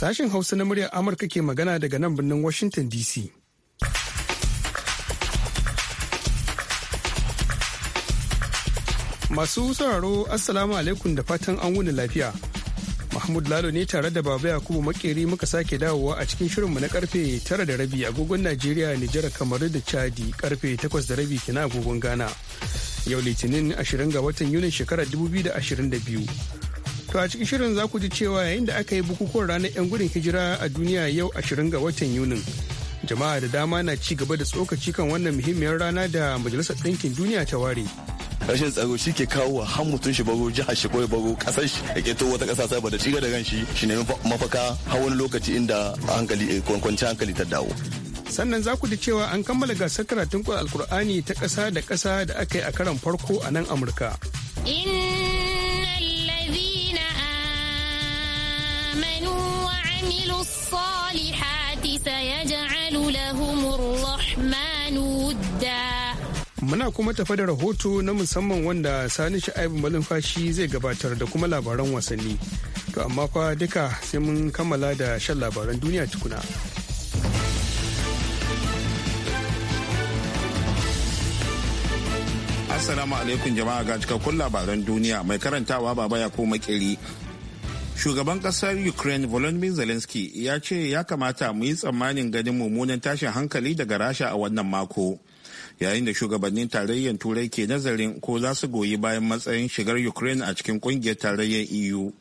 Sashen Hausa na muryar Amurka ke magana daga nan birnin Washington DC. Masu sauraro Assalamu alaikum da fatan an wuni lafiya. Mahmud Lalo ne tare da Baba Yakubu Makeri muka sake dawowa a cikin shirinmu na karfe tara da rabi agogon Najeriya, Nijar, kamar da Chadi karfe takwas da rabi kina agogon Ghana. Yau Litinin 20 ga watan Yunin shekarar 2022. To a cikin shirin za ku ji cewa yayin da aka yi bukukuwan ranar 'yan gudun hijira a duniya yau 20 ga watan Yunin. Jama'a da dama na ci gaba da tsokaci kan wannan muhimmiyar rana da Majalisar Ɗinkin Duniya ta ware. rashin tsaro shi ke kawo wa har mutum shi bago jihar shi ko bago kasar shi ke keto wata kasa saboda cigaba da gan shi shi ne mafaka har wani lokaci inda hankali eh, kwankwanci hankali ta dawo. sannan za ku ji cewa an kammala gasar karatun alkur'ani ta kasa da kasa da aka yi a karon farko a nan amurka. وعملوا الصالحات سيجعل لهم الرحمن ودا Muna kuma tafa da rahoto na musamman wanda Sani Sha'ibu Malumfashi zai gabatar da kuma labaran wasanni. To amma fa duka sai mun kammala da shan labaran duniya tukuna. Assalamu alaikum jama'a ga cikakkun labaran duniya mai karantawa baba ya ko kiri. shugaban kasar ukraine volodymyr zelensky ya ce ya kamata mu yi tsammanin ganin mummunan tashin hankali daga rasha a wannan mako yayin da shugabannin tarayyar turai ke nazarin ko za su goyi bayan matsayin shigar ukraine a cikin kungiyar tarayyar eu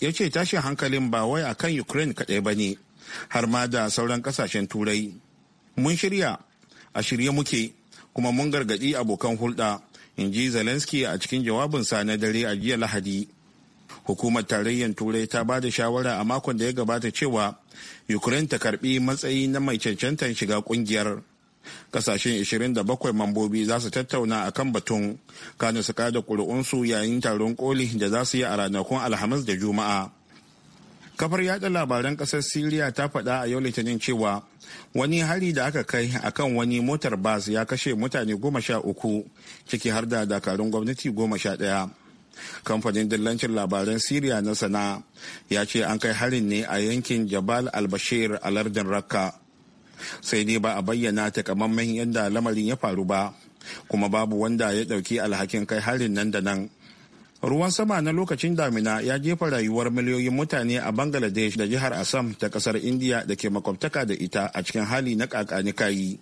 ya ce tashin hankalin ba wai kan ukraine kaɗai ba ne har ma da sauran kasashen turai mun shirya a shirye muke kuma mun gargaɗi abokan hulɗa in ji zelensky a cikin jawabinsa na dare a jiya lahadi hukumar tarayyar turai ta ba da shawara a makon da ya gabata cewa ukraine ta karbi matsayi na mai cancantar shiga kungiyar kasashen 27 mambobi za su tattauna a kan batun kanu su kada kuri'unsu yayin taron koli da za su yi a ranakun alhamis da juma'a kafar yada labaran kasar siriya ta faɗa a yau litinin cewa wani hari da aka kai akan wani motar bas ya kashe mutane goma sha uku ciki har da dakarun gwamnati goma sha ɗaya kamfanin dillancin labaran siriya na sana'a ya ce an kai harin ne a yankin jabal al a lardin rakka sai dai ba a bayyana takamaiman yadda lamarin ya faru ba kuma babu wanda ya ɗauki alhakin kai harin nan da nan ruwan sama na lokacin damina ya jefa rayuwar miliyoyin mutane a bangladesh da jihar assam ta kasar india da ke makwabtaka da ita a cikin hali na kakani kayi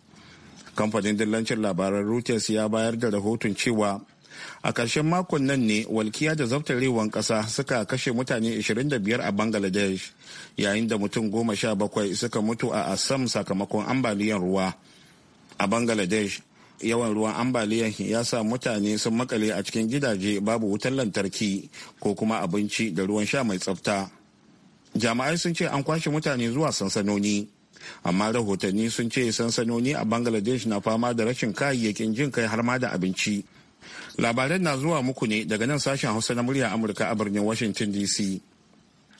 kamfanin dillancin labaran reuters ya bayar da rahoton cewa a ƙarshen makon nan ne walkiya da zaftarewan ƙasa suka kashe mutane 25 a bangladesh yayin da mutum goma sha bakwai suka mutu a assam sakamakon ambaliyar ruwa a bangladesh yawan ruwan ambaliyar ya sa mutane sun makale a cikin gidaje babu wutar lantarki ko kuma abinci da ruwan sha mai tsafta jama'ai sun ce an kwashe mutane zuwa sansanoni amma rahotanni sun ce sansanoni a bangladesh na fama da rashin kayayyakin jin kai har ma da abinci labarai na zuwa muku ne daga nan sashen Hausa na murya Amurka a birnin Washington DC.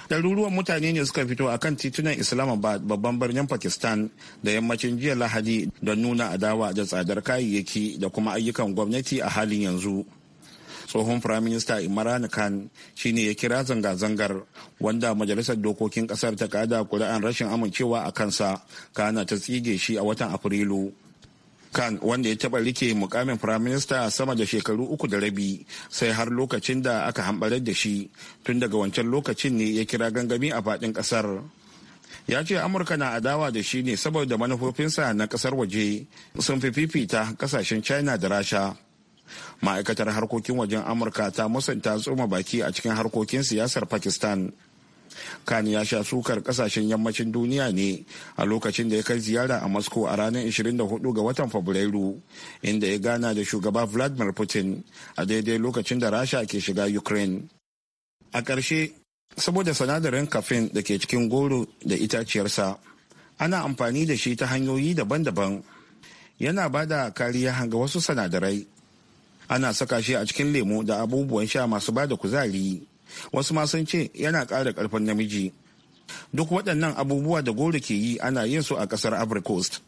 Ɗaruruwan mutane ne suka fito a kan titunan Islamabad babban birnin Pakistan da yammacin jiya Lahadi don nuna adawa da tsadar kayayyaki da kuma ayyukan gwamnati a halin yanzu. tsohon firaminista imran khan shine ya kira zanga-zangar wanda majalisar dokokin kasar ta kada kuri'an rashin amincewa a kansa kana ta tsige shi a watan afrilu kan wanda ya taba rike mukamin firaminista sama da shekaru uku da rabi sai har lokacin da aka hambarar da shi tun daga wancan lokacin ne ya kira gangami a faɗin ƙasar ya ce amurka na adawa da shi ne saboda manufofinsa na ƙasar waje sun fi fifita ƙasashen china da rasha ma'aikatar harkokin wajen amurka ta musanta tsoma baki a cikin harkokin siyasar pakistan kani ya sha sukar kasashen yammacin duniya ne a lokacin da ya kai ziyara a moscow a ranar 24 ga watan fabrairu inda ya gana da shugaba vladimir putin a daidai lokacin da rasha ke shiga ukraine a ƙarshe saboda sinadarin kafin da ke cikin goro da itaciyarsa ana amfani da shi ta hanyoyi daban-daban yana ba da kariya ga wasu sanadarai ana saka shi a cikin lemo da abubuwan sha masu ba da kuzari wasu ma sun ce yana ƙara ƙarfin namiji duk waɗannan abubuwa da goro ke yi ana yin su a ƙasar ivory coast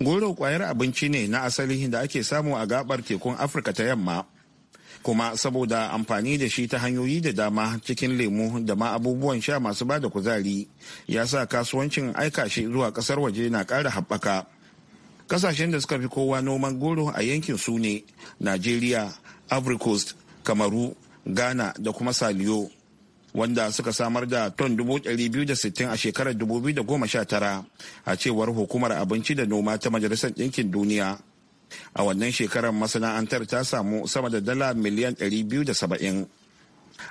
goro kwayar abinci ne na asali da ake samu a gabar tekun afirka ta yamma kuma saboda amfani da shi ta hanyoyi da dama cikin lemu da ma abubuwan sha masu ba da kuzari ya sa kasuwancin aika shi zuwa ƙasar waje na ƙara haɓaka ƙasashen da suka fi kowa noman goro a yankin su ne najeriya ivory coast kamaru ghana da kuma saliyo wanda suka samar da ton 260 a shekarar 2019 a cewar hukumar abinci da noma ta majalisar ɗinkin duniya a wannan shekarar masana'antar ta samu sama da dala miliyan 270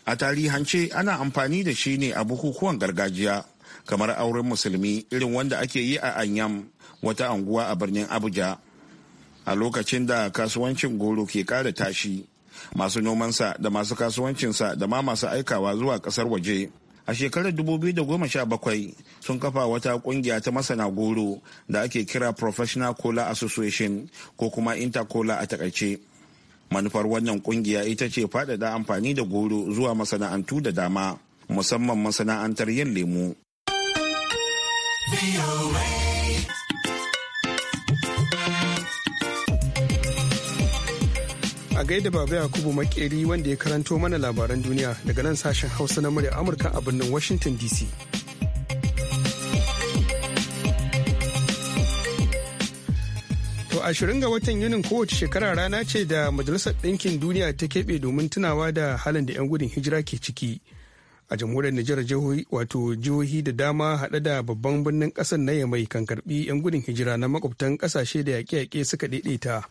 a tarihance ana amfani da shi ne a bukukuwan gargajiya kamar auren musulmi irin wanda ake yi a anyam wata anguwa a birnin abuja a lokacin da kasuwancin goro ke ƙara tashi masu nomansa da masu kasuwancinsa da ma masu aikawa zuwa kasar waje a shekarar 2017 sun kafa wata kungiya ta masana goro da ake kira professional cola association ko kuma intercola a takaice manufar wannan kungiya ita ce faɗaɗa amfani da goro zuwa masana'antu da dama musamman masana'antar yin lemu. a gaida baba yakubu makeri wanda ya karanto mana labaran duniya daga nan sashen hausa na murya amurka a birnin washington dc to ashirin ga watan yunin kowace shekara rana ce da majalisar ɗinkin duniya ta keɓe domin tunawa da halin da 'yan gudun hijira ke ciki a jamhuriyar nijar jihohi wato jihohi da dama haɗe da babban birnin ƙasar na yamai kan karɓi 'yan gudun hijira na makwabtan ƙasashe da yaƙe-yaƙe suka daidaita.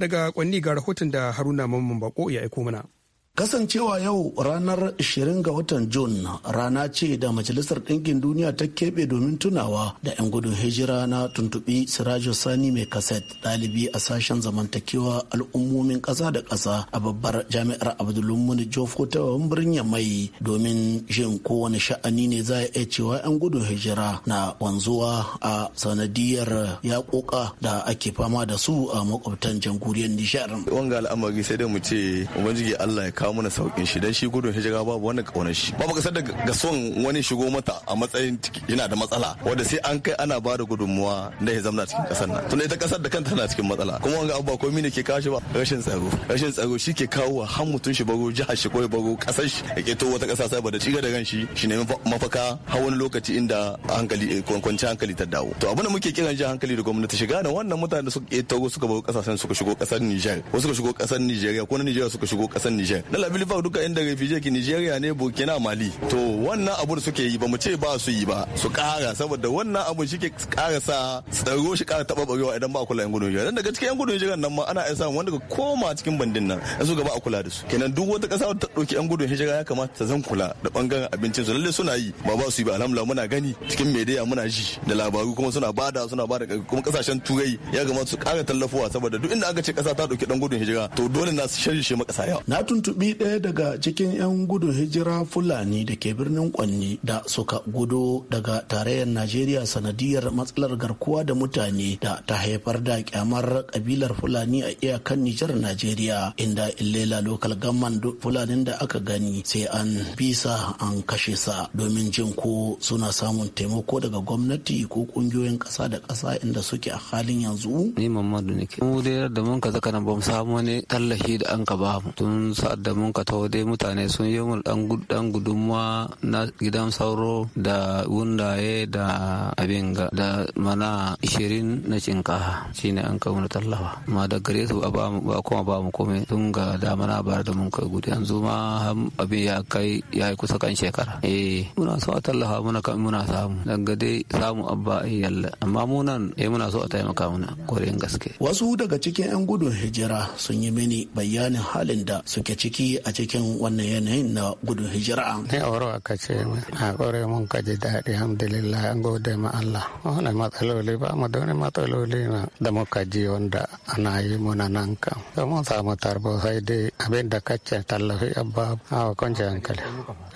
daga kwanni ga rahoton da haruna mamman bako ya aiko mana Kasancewa yau ranar 20 ga watan Jun rana ce da Majalisar Ɗinkin Duniya ta keɓe domin tunawa da 'yan gudun hijira na tuntuɓi Sirajo Sani mai kaset ɗalibi a sashen zamantakewa al'ummomin ƙasa da ƙasa a babbar jami'ar Abdulmuni Jofo ta birnin Yamai domin jin kowane sha'ani ne za a iya cewa 'yan gudun hijira na wanzuwa a sanadiyar yaƙoƙa da ake fama da su a makwabtan jamhuriyar Nishar. Wanga al'amari sai da mu ce Ubangiji Allah ya kawo mana saukin shi dan shi gudun hijira babu wani kaunar shi babu kasar da ga son wani shigo mata a matsayin yana da matsala wanda sai an kai ana ba da gudunmuwa da ya zama cikin kasar nan tunda ita kasar da kanta tana cikin matsala kuma wanga abu ba komai ne ke kawo shi ba rashin tsaro rashin tsaro shi ke kawo wa han mutum shi bago jihar shi ko bago kasar shi ya keto wata kasa sai ba da ciga da ran shi shi ne mafaka har wani lokaci inda hankali eh, kwanci hankali ta dawo to abin da muke kiran jihar hankali da gwamnati shiga da wannan mutane da suka keto suka bago kasashen suka shigo kasar Niger wasu suka shigo kasar Nigeria ko na Nigeria suka shigo kasar Niger labili bilifa duka inda refugee ki nigeria ne burkina mali to wannan abu da suke yi ba mu ce ba su yi ba su kara saboda wannan abu shi ke kara sa tsaro shi kara taba barewa idan ba kula yan gudun hijira dan daga cikin yan gudun hijira nan ma ana isa wanda ka koma cikin bandin nan in su gaba a kula da su kenan duk wata kasa ta dauki yan gudun hijira ya kamata ta zan kula da bangaren abincin su lalle suna yi ba ba su yi ba alhamdulillah muna gani cikin media muna ji da labaru kuma suna bada suna bada kuma kasashen turai ya kamata su kara tallafuwa saboda duk inda aka ce kasa ta dauki dan gudun hijira to dole na su shirin shi makasaya na tuntu tuntubi ɗaya daga cikin 'yan gudun hijira Fulani da ke birnin Kwanni da suka gudo daga tarayyar Najeriya sanadiyar matsalar garkuwa da mutane da ta haifar da kyamar kabilar Fulani a iyakan Nijar Najeriya inda illela lokal gamman Fulanin da aka gani sai an bisa an kashe sa domin jin ko suna samun taimako daga gwamnati ko kungiyoyin ƙasa da ƙasa inda suke a halin yanzu. Ni Mamadu nake. Mu dai da mun ka zaka nan ba mu samu wani tallafi da an ka ba mu tun sa'ad da mun ka taho dai mutane sun yi mun dan gudan gudunmuwa na gidan sauro da wundaye da abin ga da mana ishirin na shinkafa shine an kawo tallafa amma da gare su ba mu ba kuma ba mu komai tun ga da mana ba da mun ka gudu yanzu ma abin ya kai ya yi kusa kan shekara eh muna so a tallafa muna kan muna samu dan ga dai samu abba ai yalla amma mu nan eh muna so a taimaka muna koren gaske wasu daga cikin yan gudun hijira sun yi mini bayanin halin da suke ciki ciki a cikin wannan yanayin na gudun hijira. Ni a wurin aka ce a kore mun ka ji daɗi alhamdulillah an gode ma Allah. Wani matsaloli ba mu da wani matsaloli na da muka ji wanda ana yi muna nan kan. Da mun samu tarbo sai dai abin da kacce tallafi abba a kwanci hankali.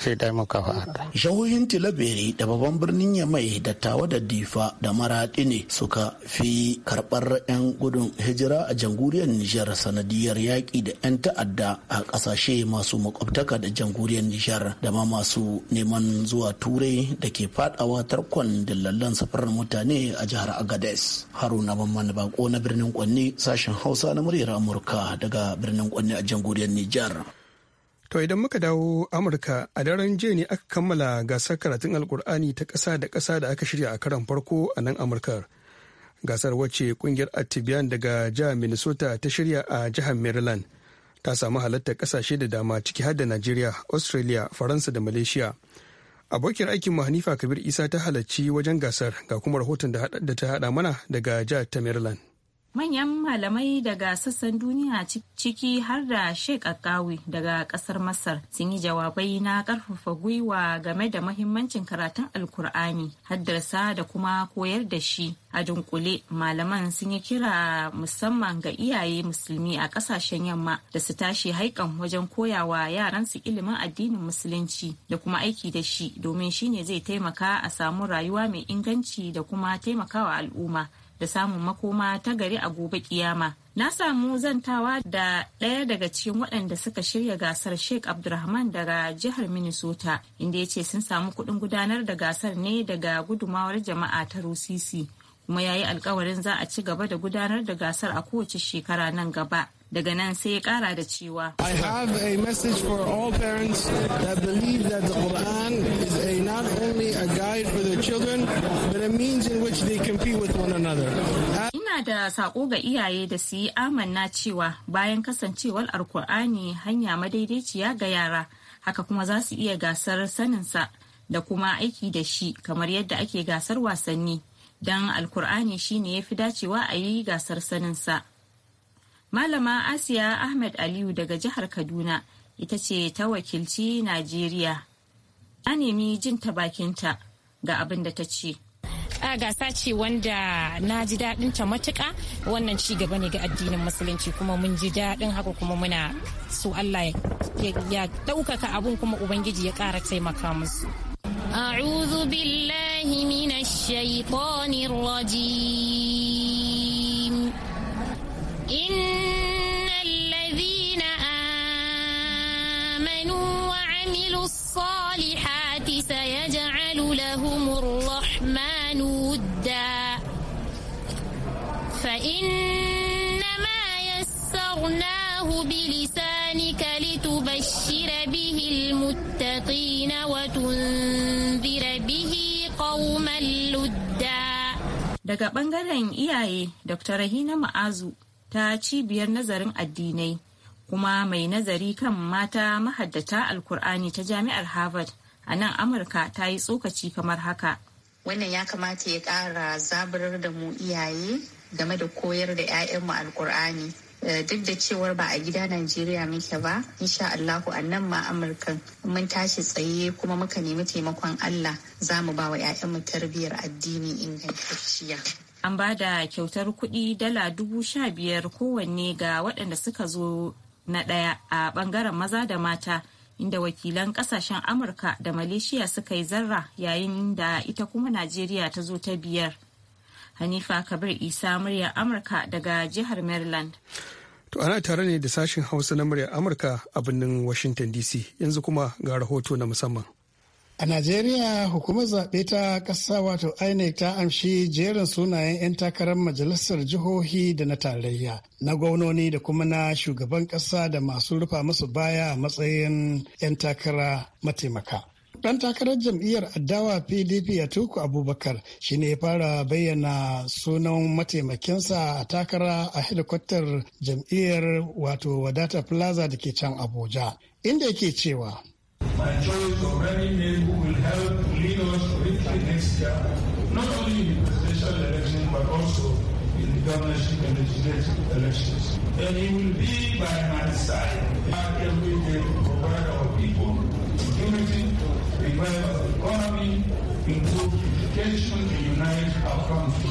Shi dai muka fata. Jihohin Tilaberi da babban birnin Yamai da Tawa da Difa da Maraɗi ne suka fi karɓar 'yan gudun hijira a jamhuriyar Nijar sanadiyar yaƙi da 'yan ta'adda a ƙasashen kasashe masu makwabtaka da jamhuriyar Nijar da ma masu neman zuwa turai da ke fadawa tarkon dillallan safarar mutane a jihar Agades. Haruna Mamman Bako na birnin Kwanni sashen Hausa na muryar Amurka daga birnin Kwanni a jamhuriyar Nijar. To idan muka dawo Amurka a daren jiya ne aka kammala gasar karatun Alkur'ani ta kasa da kasa da aka shirya a karan farko a nan amurka Gasar wacce kungiyar Atibiyan daga jihar Minnesota ta shirya a jihar Maryland. ta samu halartar kasashe da dama ciki har da Najeriya, Australia, Faransa da Malaysia. Abokiyar aikinmu Hanifa Kabir Isa ta halarci wajen gasar ga kuma rahoton da ta hada mana daga jihar ta Maryland. manyan malamai daga sassan duniya ciki har da sheik akawi daga kasar masar sun yi jawabai na karfafa gwiwa game da mahimmancin karatun alkur'ani haddarsa da kuma koyar da shi a dunkule malaman sun yi kira musamman ga iyaye musulmi a kasashen yamma da su tashi haikan wajen koyawa yaransu ilimin addinin musulunci da kuma aiki da shi domin shine zai taimaka a samu rayuwa mai inganci da kuma taimakawa al'umma da samun makoma ta gari a gobe kiyama. Na samu zantawa da ɗaya daga cikin waɗanda suka shirya gasar Sheikh Abdulrahman daga jihar Minnesota, inda ya ce sun samu kuɗin gudanar da gasar ne daga gudumawar jama'a ta Rusisi. Kuma ya yi alkawarin za a ci gaba da gudanar da gasar a kowace shekara nan gaba. daga nan sai ya kara da cewa I have a message for all parents that believe that the Quran is a not only a guide for their children Ina da sako ga iyaye da su yi amanna cewa bayan kasancewar alkur'ani hanya madaidaiciya ga yara haka kuma za su iya gasar saninsa da kuma aiki da shi kamar yadda ake gasar wasanni don alkur'ani shine ya fi dacewa a yi gasar saninsa. Malama Asiya Ahmed Aliyu daga jihar Kaduna ita ce ta wakilci Najeriya. Ta nemi jin ta bakinta ga abin da ta ce. gasa ce wanda na ji daɗin ta matuƙa wannan ci gaba ne ga addinin musulunci kuma mun ji daɗin haka kuma muna su Allah ya ɗaukaka abun kuma ubangiji ya ƙara taimaka musu أعوذ بالله من الشيطان الرجيم إن الذين آمنوا وعملوا الصالحات سيجعل لهم الرحمن الرحمن ودا فإنما يسرناه بلسانك لتبشر به المتقين وتنذر به قوما لدا daga bangaren iyaye dr rahina ma'azu ta cibiyar nazarin addinai kuma mai nazari kan mata mahaddata alkur'ani ta jami'ar harvard a nan amurka ta yi tsokaci kamar haka wannan ya kamata ya ƙara zaburar da mu iyaye game da koyar da 'ya'yanmu alkur'ani eh, duk da cewar ba a gida najeriya muke ba insha allahu a nan ma amurkan mun tashi tsaye kuma muka nemi taimakon allah za mu ba wa 'ya'yanmu tarbiyyar addini ingantacciya an ba da kyautar kuɗi dala dubu sha biyar kowanne ga waɗanda suka zo na ɗaya a ɓangaren maza da mata inda wakilan kasashen amurka da malaysia suka yi zarra yayin da ita kuma najeriya ta zo ta biyar hanifa kabir isa muryar amurka daga jihar maryland to ana tare ne da sashen hausa na muryar amurka a birnin washington dc yanzu kuma ga rahoto na musamman A Najeriya hukumar zaɓe ta ƙasa wato INEC ta amshi jerin sunayen 'yan takarar majalisar jihohi da na tarayya na gwamnoni da kuma na shugaban ƙasa da masu rufa musu baya a matsayin 'yan takara mataimaka. Ɗan takarar jam'iyyar adawa PDP a tuku Abubakar shi ne ya fara bayyana sunan mataimakinsa a takara a hedikwatar jam'iyyar wato Wadata Plaza da ke can Abuja, inda yake cewa my choice of any name who will help lead us to victory next year, not only in the presidential election but also in the governorship and legislative elections. And he will be by my side every day to provide our people security, revive our economy, improve education, and unite our country.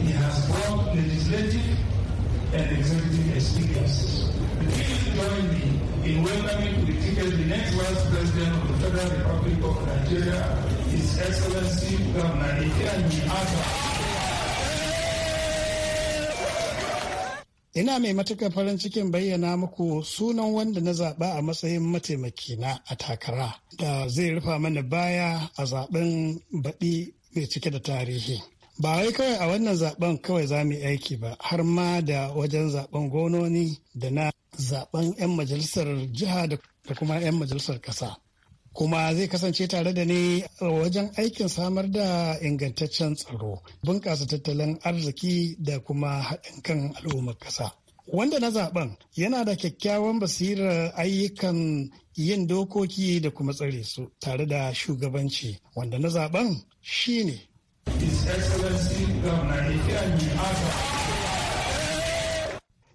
He has brought legislative and executive experiences. Please join me in welcoming to the ticket the next vice president of the Federal Republic of Nigeria, His Excellency Governor Ikeanyi Aga. Ina mai matuƙar farin cikin bayyana muku sunan wanda na zaɓa a matsayin mataimakina a takara da zai rufa mana baya a zaɓen baɗi mai cike da tarihi. ba wai kawai a wannan zaben kawai za mu yi aiki ba har ma da wajen zaben gononi da na zaben 'yan majalisar jiha da kuma 'yan majalisar ƙasa kuma zai kasance tare da ne wajen aikin samar da ingantaccen tsaro bunƙasa tattalin arziki da kuma haɗin kan al'ummar ƙasa wanda na zaben yana da kyakkyawan basirar ayyukan yin dokoki da kuma tsare su tare da shugabanci wanda na zaben shine His Excellency Governor Ifeanyi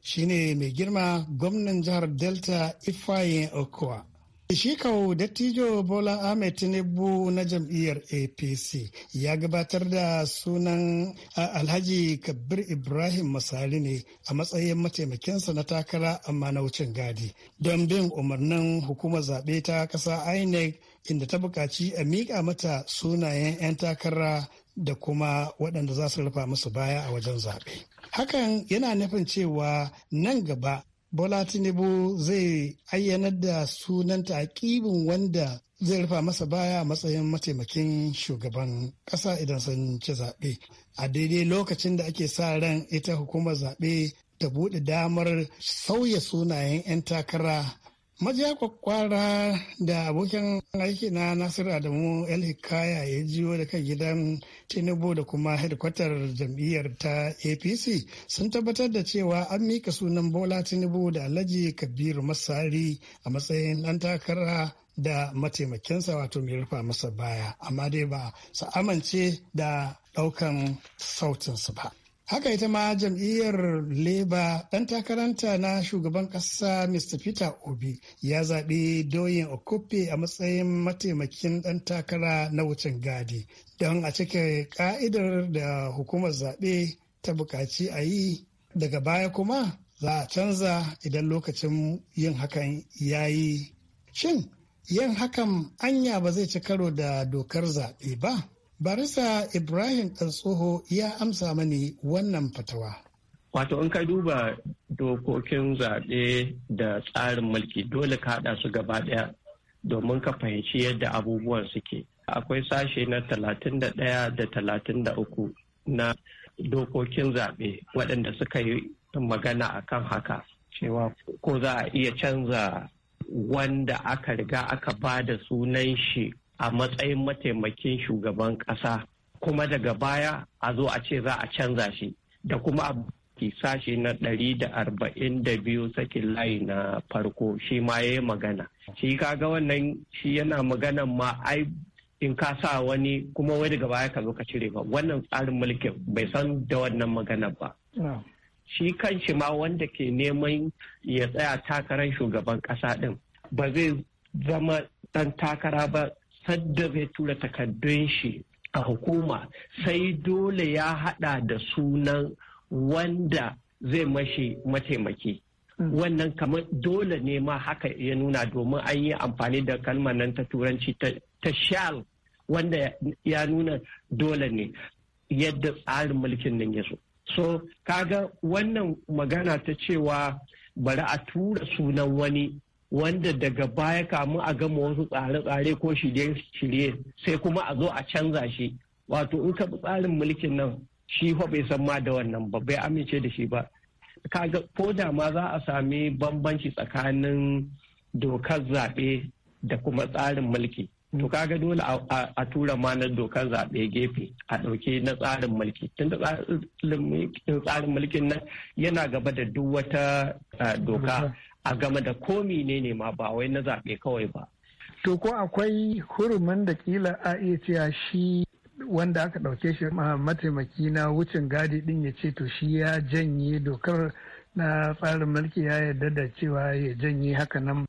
Shi ne mai girma gwamnan jihar Delta Ifayin Okowa. Shi kawo dattijo Bola Ahmed Tinubu na jam'iyyar APC ya gabatar da sunan Alhaji Kabir Ibrahim Masari ne a matsayin mataimakinsa na takara amma na wucin gadi don bin umarnin hukumar zaɓe ta ƙasa INEC inda ta buƙaci a miƙa mata sunayen 'yan takara da kuma waɗanda za su rufa musu baya a wajen zaɓe. Hakan yana nufin cewa nan gaba Bola Tinubu zai ayyanar da sunan ƙibin wanda zai rufa masa baya a matsayin mataimakin shugaban ƙasa idan sun ci zaɓe. A daidai lokacin da ake sa ran ita hukumar zaɓe ta buɗe damar sauya sunayen 'yan takara Majiya kwakwara da abokin aiki na Nasiru Adamu El Hikaya ya jiyo kan gidan Tinubu da kuma hedkwatar jam'iyyar ta APC sun tabbatar da cewa an mika sunan Bola Tinubu da Alhaji Kabiru Masari a matsayin ɗan takara da mataimakinsa wato mai rufa masa baya amma dai ba su amince da ɗaukan sautinsu ba. haka ita ma jam'iyyar leba ɗan takaranta na shugaban ƙasa mr peter obi ya zaɓi doyin okope a matsayin mataimakin ɗan takara na wucin gadi don a cike ka'idar da hukumar zaɓe ta buƙaci a yi daga baya kuma za a canza idan lokacin yin hakan ya yi shin yin hakan anya ba zai ci karo da dokar zaɓe ba barisa ibrahim tsoho ya amsa mani wannan fatawa wato in ka duba dokokin zaɓe da tsarin mulki dole ka haɗa su gaba ɗaya domin ka fahimci yadda abubuwan suke akwai sashe na 31 da 33 na dokokin zaɓe waɗanda suka yi magana a kan haka cewa ko za a iya canza wanda aka riga aka ba da sunan shi a matsayin mataimakin shugaban ƙasa kuma daga baya a zo a ce za a canza shi da kuma ki sashi na ɗari da arba'in da biyu sakin layi na farko shi ma ya yi magana shi kaga wannan shi yana magana ma ai in ka sa wani kuma wai daga baya ka zo ka cire ba wannan tsarin mulkin bai san da wannan magana ba shi kan shi ma wanda ke neman ya tsaya takarar shugaban kasa ɗin ba zai zama ɗan takara ba sadda ya tura takardun shi a hukuma sai dole ya hada da sunan wanda zai mashi mataimaki mm. wannan kamar dole ne ma haka ya nuna domin an yi amfani da kalmar nan ta turanci ta shal. wanda ya nuna dole ne yadda tsarin mulkin nan ya zo so kaga wannan magana ta cewa bari a tura sunan wani wanda daga baya kamu a gama wasu tsare-tsare ko shirye-shirye sai kuma a zo a canza shi wato in ka tsarin mulkin nan shi fa bai san ma da wannan ba bai amince da shi ba kaga ko da ma za a sami bambanci tsakanin dokar zaɓe da kuma tsarin mulki to kaga dole a tura ma na dokar zaɓe gefe a ɗauke na tsarin mulki tunda tsarin mulkin nan yana gaba da duk wata eh, doka a game da komi ne ne ma ba wai na zaɓe kawai ba. To ko akwai hurumin da kila a iya cewa shi wanda aka ɗauke shi mataimaki na wucin gadi ɗin ya ce to shi ya janye dokar na tsarin mulki ya yarda da cewa ya janye haka nan.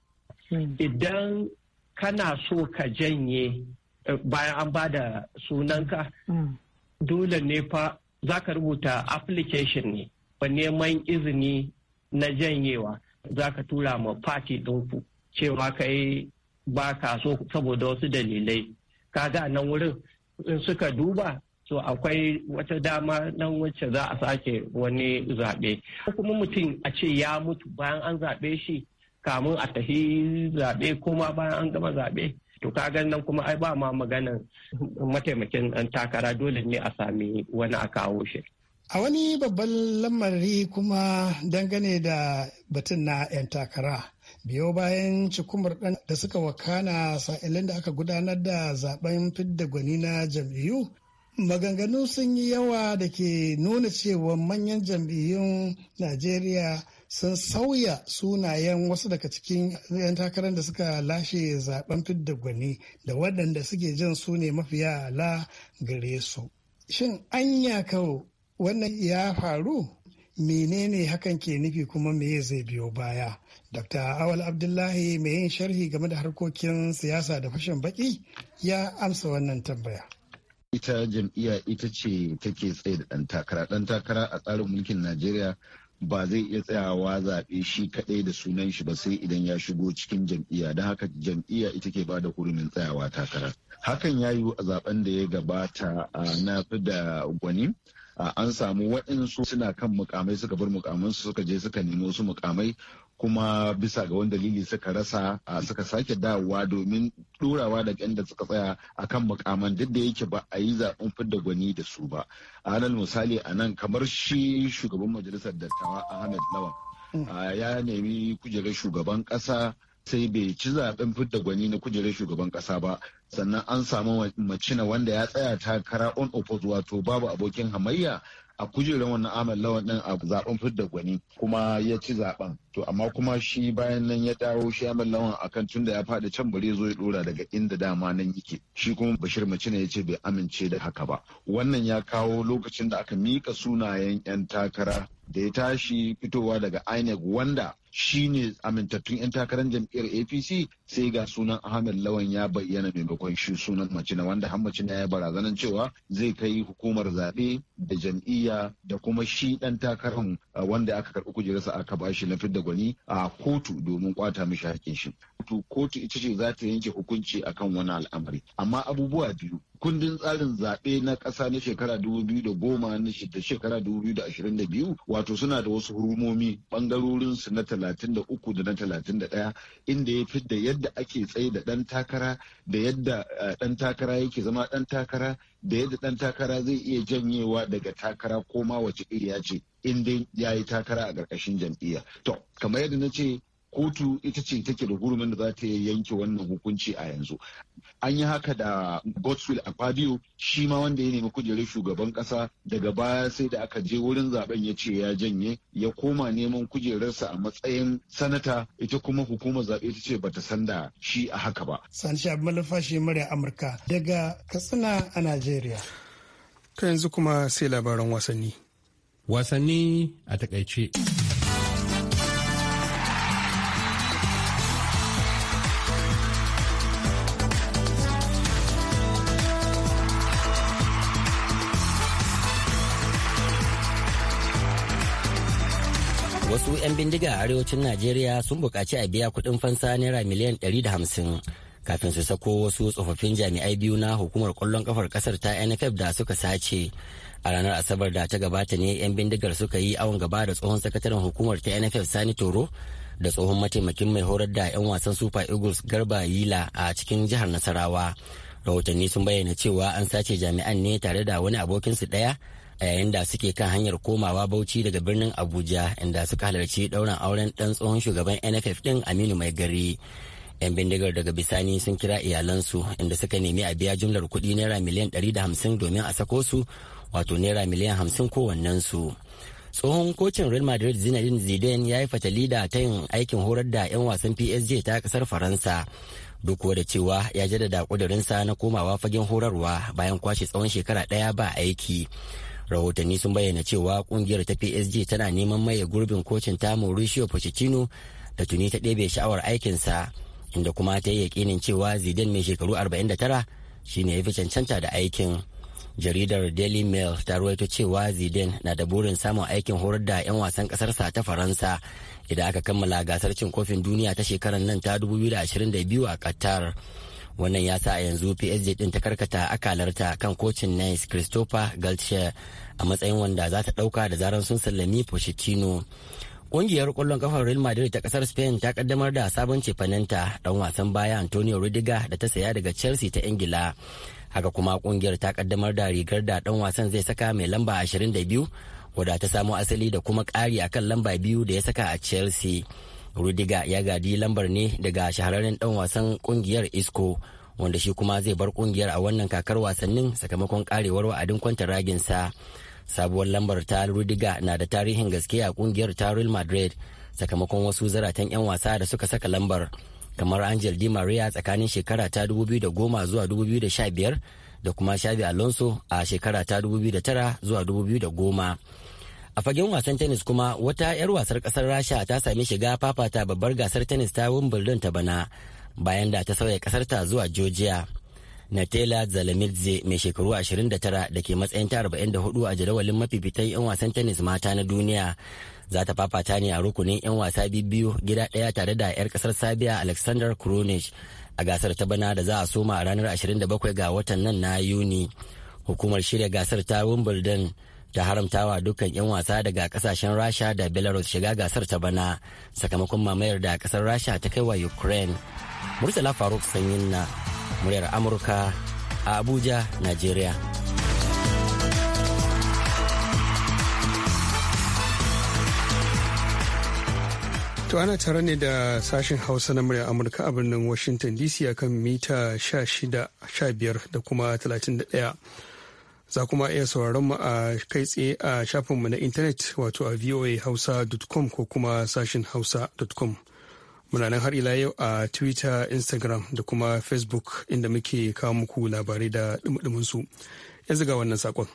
Idan kana so ka janye eh, bayan an ba sunanka mm. dole ne fa za ka rubuta application ne ba neman izini na janyewa za ka tura ma fati ɗinku cewa kai ba ka so saboda wasu dalilai Ka ga nan wurin in suka duba To akwai wata dama nan wacce za a sake wani zaɓe kuma mutum a ce ya mutu bayan an zaɓe shi kamun a tafi zaɓe kuma bayan an gama zaɓe to kaga nan kuma ai ba ma maganan mataimakin takara dole ne a sami wani a kawo shi A wani babban lamari kuma dangane da batun na 'yan takara. Biyo bayan cikumar ɗan da suka wakana sa'ilin da aka gudanar da zaben fidda gwani na jam'iyyu, maganganu sun yi yawa da ke nuna cewa manyan jam'iyyun Najeriya sun sauya sunayen wasu daga cikin 'yan takarar da suka lashe zaben fidda gwani da waɗanda suke jin su ne mafiya ala gare su. Shin anya kawo wannan ya faru menene hakan ke nufi kuma meye zai biyo baya dr awal abdullahi mai yin sharhi game da harkokin siyasa da fashin baki ya amsa wannan tambaya ita jam'iyya ita ce take tsaye da ɗan takara ɗan takara a tsarin mulkin najeriya ba zai iya tsayawa zaɓe shi kaɗai da sunan shi ba sai idan ya shigo cikin jam'iyya don haka jam'iyya ita ke ba da hurumin tsayawa takara hakan ya yiwu a zaben da ya gabata na fi da gwani an samu waɗansu suna kan mukamai suka bar mukamansu suka je suka nemo su mukamai kuma bisa ga wani dalili suka rasa a suka sake dawowa domin turawa da da suka tsaya akan mukamman duk da yake ba a yi zaɓen fidda gwani da su ba anan misali a nan kamar shi shugaban majalisar dattawa ahmed lawan mm. ya nemi kujerar shugaban ƙasa sai bai ci zaɓen fidda gwani na kujerar shugaban ƙasa ba sannan an samu macina wanda ya tsaya takara on oppose wato babu abokin hamayya a kujerar wannan amal Lawan din a zaben fidda gwani kuma ya ci zaben to amma kuma shi bayan nan ya dawo shi Ahmad Lawan akan tunda ya faɗi can bare zo ya dora daga inda dama nan yake shi kuma Bashir ne ya ce bai amince da haka ba wannan ya kawo lokacin da aka mika sunayen 'yan takara da ya tashi fitowa daga INEC wanda Shi ne amintattun 'yan takarar jam'iyyar apc sai ga sunan ahmed lawan ya bayyana maimakon shi sunan macina wanda macina ya barazanan cewa zai kai hukumar zaɓe da jam'iyya da kuma shi ɗan takarar wanda aka karɓi kujerarsa aka ba shi na fidda gwani a kotu domin kwata mishi hakkin shi kotu ita ce za ta yanke hukunci akan wani al'amari amma abubuwa biyu kundin tsarin zaɓe na ƙasa na shekara 2010 da shekara 2022 wato suna da wasu hurumomi ɓangarorinsu na 33 da na 31 inda ya fidda yadda ake tsaye da ɗan takara da yadda eh, ɗan takara yake zama ɗan takara da yadda ɗan takara zai iya janyewa daga takara ko ma wace iriya ce inda ya yi takara a ƙarƙashin jam'iyya. To, kamar yadda na ce kotu ita ce take da gurumin da za ta yanke wannan hukunci a yanzu an yi haka da godswill akpabio shi ma wanda ya nemi kujerar shugaban kasa daga baya sai da aka je wurin zaben ya ce ya janye ya koma neman kujerarsa a matsayin sanata ita kuma hukumar zaɓe ta ce bata san da shi a haka ba sanshi malafashi murya amurka daga katsina a ka yanzu kuma sai labaran wasanni wasanni a takaice 'yan bindiga a arewacin najeriya sun buƙaci a biya kuɗin fansa naira miliyan 150 kafin su sako wasu tsofaffin jami'ai biyu na hukumar ƙwallon kafar ƙasar ta nff da suka sace a ranar asabar da ta gabata ne 'yan bindigar suka yi awon gaba da tsohon sakataren hukumar ta nff sani toro da tsohon mataimakin mai horar da 'yan wasan super eagles garba yila a cikin jihar nasarawa rahotanni sun bayyana cewa an sace jami'an ne tare da wani abokinsu ɗaya a yayin da suke kan hanyar komawa bauchi daga birnin abuja inda suka halarci ɗaurin auren ɗan tsohon shugaban nff ɗin aminu mai gari 'yan bindigar daga bisani sun kira iyalansu inda suka nemi a biya jumlar kuɗi naira miliyan 150 domin a sako su wato naira miliyan 50 su. tsohon kocin real madrid zinedine zidane ya yi fatali da ta yin aikin horar da 'yan wasan psg ta kasar faransa duk da cewa ya jaddada kudurinsa na komawa fagen horarwa bayan kwashe tsawon shekara ɗaya ba aiki rahotanni sun bayyana cewa kungiyar ta psg tana neman maye gurbin kocin ta mauricio pochettino da tuni ta ɗebe sha'awar aikinsa inda kuma ta yi yakinin cewa zidane mai shekaru 49 shine ya fi cancanta da aikin jaridar daily mail ta ruwaito cewa zidane na da burin samun aikin horar da 'yan wasan kasarsa ta faransa idan aka kammala gasar cin kofin duniya ta shekarar nan ta 2022 a qatar wannan ya sa a yanzu psg din ta karkata akalarta kan kocin nice christopher galtier a matsayin wanda za ta dauka da zaran sun sallami pochettino Ƙungiyar ƙwallon kafar Real Madrid ta ƙasar Spain ta kaddamar da sabon cefananta ɗan wasan baya Antonio Rudiger da ta saya daga Chelsea ta Ingila. Haka kuma ƙungiyar ta kaddamar da rigar da ɗan wasan zai saka mai lamba 22 wadda ta samo asali da kuma ƙari akan lamba biyu da ya saka a Chelsea. rudiga ya gadi lambar ne daga shahararren dan wasan kungiyar isko wanda shi kuma zai bar kungiyar a wannan kakar wasannin sakamakon karewar wa'adin raginsa sabuwar lambar ta rudiga na da tarihin gaske a kungiyar ta real madrid sakamakon wasu zaratan 'yan wasa da suka saka lambar kamar angel di maria tsakanin shekara ta 2010 zuwa 2015 da kuma shabi alonso a shekara ta 2009 zuwa 2010 a fagen wasan tennis kuma wata 'yar wasar kasar rasha ta sami shiga fafata babbar gasar tennis ta wimbledon ta bana bayan da ta sauya ta zuwa georgia Natela Zalamidze mai shekaru 29 da ke matsayin ta 44 a jadawalin mafifitan 'yan wasan tennis mata na duniya za ta fafata ne a rukunin 'yan wasa biyu gida ɗaya tare da 'yar kasar Sabiya Alexander Kronish a gasar ta bana da za a soma a ranar 27 ga watan nan na Yuni. Hukumar shirya gasar ta Wimbledon ta haramtawa dukkan 'yan wasa daga kasashen rasha da belarus shiga gasar ta bana sakamakon mamayar da kasar rasha ta kai wa ukraine murtala faruk sanyin na muryar amurka a abuja nigeria To ana tare ne da sashen Hausa na muryar Amurka a birnin Washington DC akan mita 16, 15 da kuma 31. za kuma iya sauraron mu a kai tsaye a shafinmu na intanet wato a voahausa.com ko kuma sashin hausa.com muna nan har ila yau a twitter instagram da kuma facebook inda muke kawo muku labarai da dumudumunsu yanzu ga wannan sakon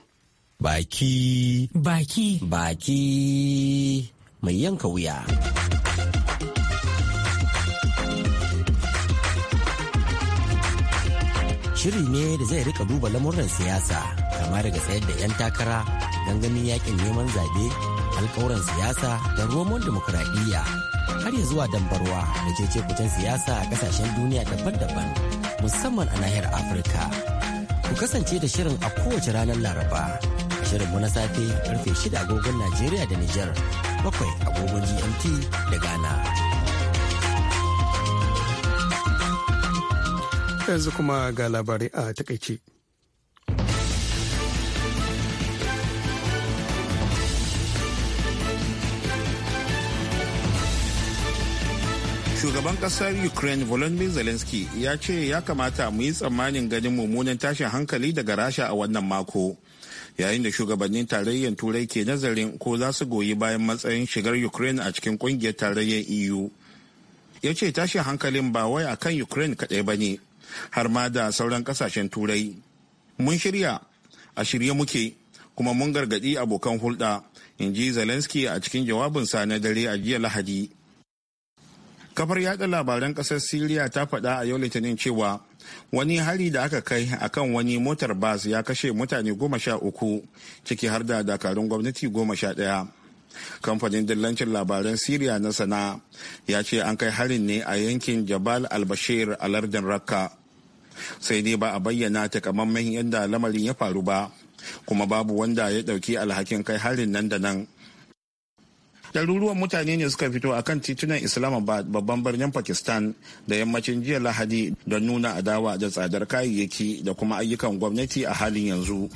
baki baki baki mai yanka wuya shiri ne da zai rika duba lamuran siyasa kama daga tsayar da 'yan takara don ganin yakin neman zaɓe alkawuran siyasa da romon demokuraɗiyya har ya zuwa dambarwa da cece-kucen siyasa a ƙasashen duniya daban-daban musamman a nahiyar afirka ku kasance da shirin a kowace ranar laraba a shirinmu na safe karfe shida agogon najeriya da nijar bakwai agogon gmt da ghana yanzu kuma ga labarai a takaice. shugaban kasar ukraine volodymyr zelensky ya ce ya kamata mu yi tsammanin ganin mummunan tashin hankali daga rasha a wannan mako yayin da shugabannin tarayyar turai ke nazarin ko za su goyi bayan matsayin shigar ukraine a cikin kungiyar tarayyar eu ya ce tashin hankalin ba wai a kan ukraine kaɗai ba ne har ma da sauran kasashen turai mun shirya a shirye muke kuma mun gargaɗi abokan hulɗa in ji zelensky a cikin jawabinsa na dare a jiya lahadi kafar yada labaran kasar siriya ta faɗa a yau litinin cewa wani hari da aka kai akan wani motar bas ya kashe mutane goma sha uku ciki har da dakarun gwamnati goma sha ɗaya kamfanin dillancin labaran siriya na sana ya ce an kai harin ne a yankin jabal al a lardin rakka sai dai ba a bayyana takamaiman yadda lamarin ya faru ba kuma babu wanda ya ɗauki alhakin kai harin nan da nan ɗaruruwan mutane ne suka fito akan titunan islamabad babban birnin pakistan da yammacin jiya lahadi don nuna adawa da tsadar kayayyaki da kuma ayyukan gwamnati a halin yanzu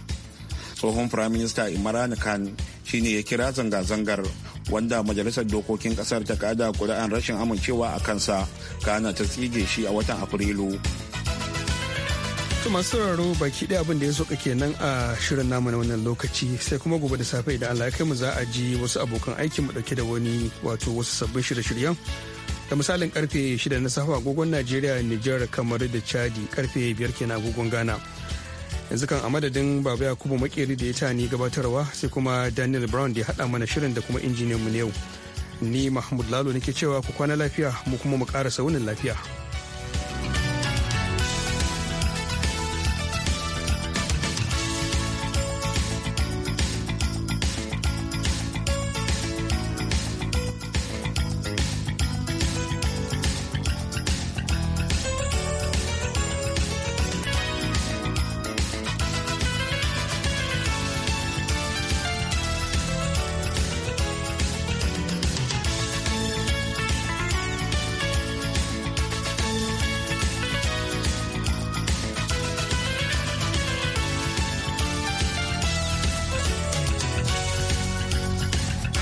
tsohon firaminista imran khan shine ya kira zanga-zangar wanda majalisar dokokin kasar ta kada kuri'an rashin amincewa a kansa kana ta tsige shi a watan afrilu To masu sauraro baki ɗaya abin da ya soka kenan a shirin namu na wannan lokaci sai kuma gobe da safe idan Allah kai mu za a ji wasu abokan aikin mu dauke da wani wato wasu sabbin shirye-shiryen. Da misalin karfe 6 na safa agogon Najeriya, Nijar, kamar da Chadi karfe 5 kenan agogon Ghana. Yanzu kan a madadin Baba Yakubu Makeri da ya tani gabatarwa sai kuma Daniel Brown da ya hada mana shirin da kuma injiniyan mu ne yau. Ni Mahmud Lalo nake cewa ku kwana lafiya mu kuma mu ƙara saunin lafiya.